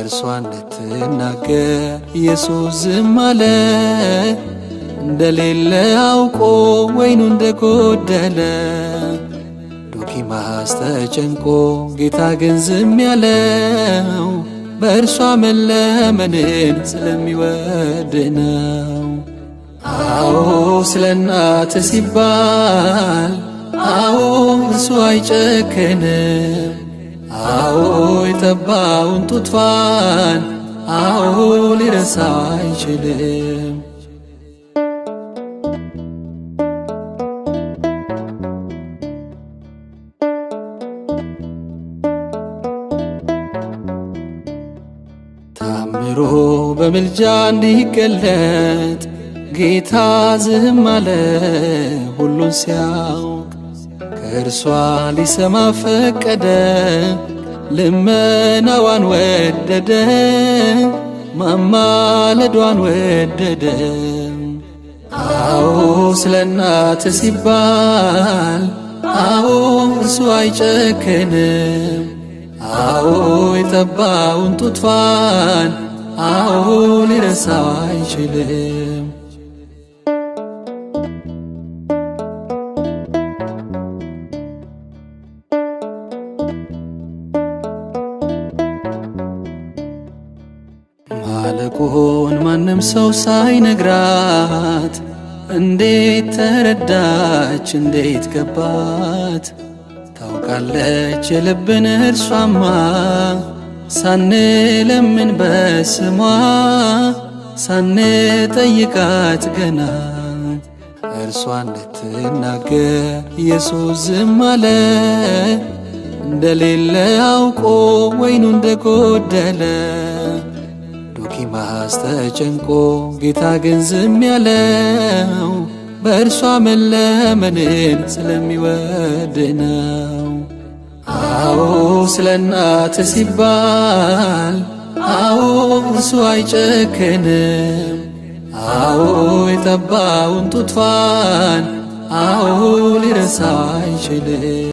እርሷን ልትናገር ኢየሱስ ዝም አለ። እንደሌለ አውቆ ወይኑ እንደጎደለ ዶኪማስ ተጨንቆ ጌታ ግን ዝም ያለው በእርሷ መለመንን ስለሚወድ ነው። አዎ ስለ እናት ሲባል አዎ እርሱ አይጨክንም። አዎ የጠባውን ጡትዋን አዎ ሊረሳ አይችልም። ታምሮ በምልጃ እንዲገለጥ ጌታ ዝም አለ ሁሉን ሲያውቅ ከእርሷ ሊሰማ ፈቀደ፣ ልመናዋን ወደደ፣ ማማለዷን ወደደ። አዎ ስለ እናት ሲባል አዎ እርሱ አይጨክንም። አዎ የጠባውን ጡቷን አዎ ሊረሳው አይችልም። አለቆሆን ማንም ሰው ሳይነግራት እንዴት ተረዳች እንዴት ገባት ታውቃለች የልብን እርሷማ ሳንለምን በስሟ ሳንጠይቃት ገና እርሷ እንድትናገር ኢየሱስ ዝም አለ። እንደሌለ አውቆ ወይኑ እንደጎደለ ኪማስ ተጨንቆ ጌታ ግን ዝም ያለው በእርሷ መለመንን ስለሚወድ ነው። አዎ ስለ እናት ሲባል አዎ እርሱ አይጨክንም። አዎ የጠባውን ጡቷን አዎ ሊረሳ አይችልም።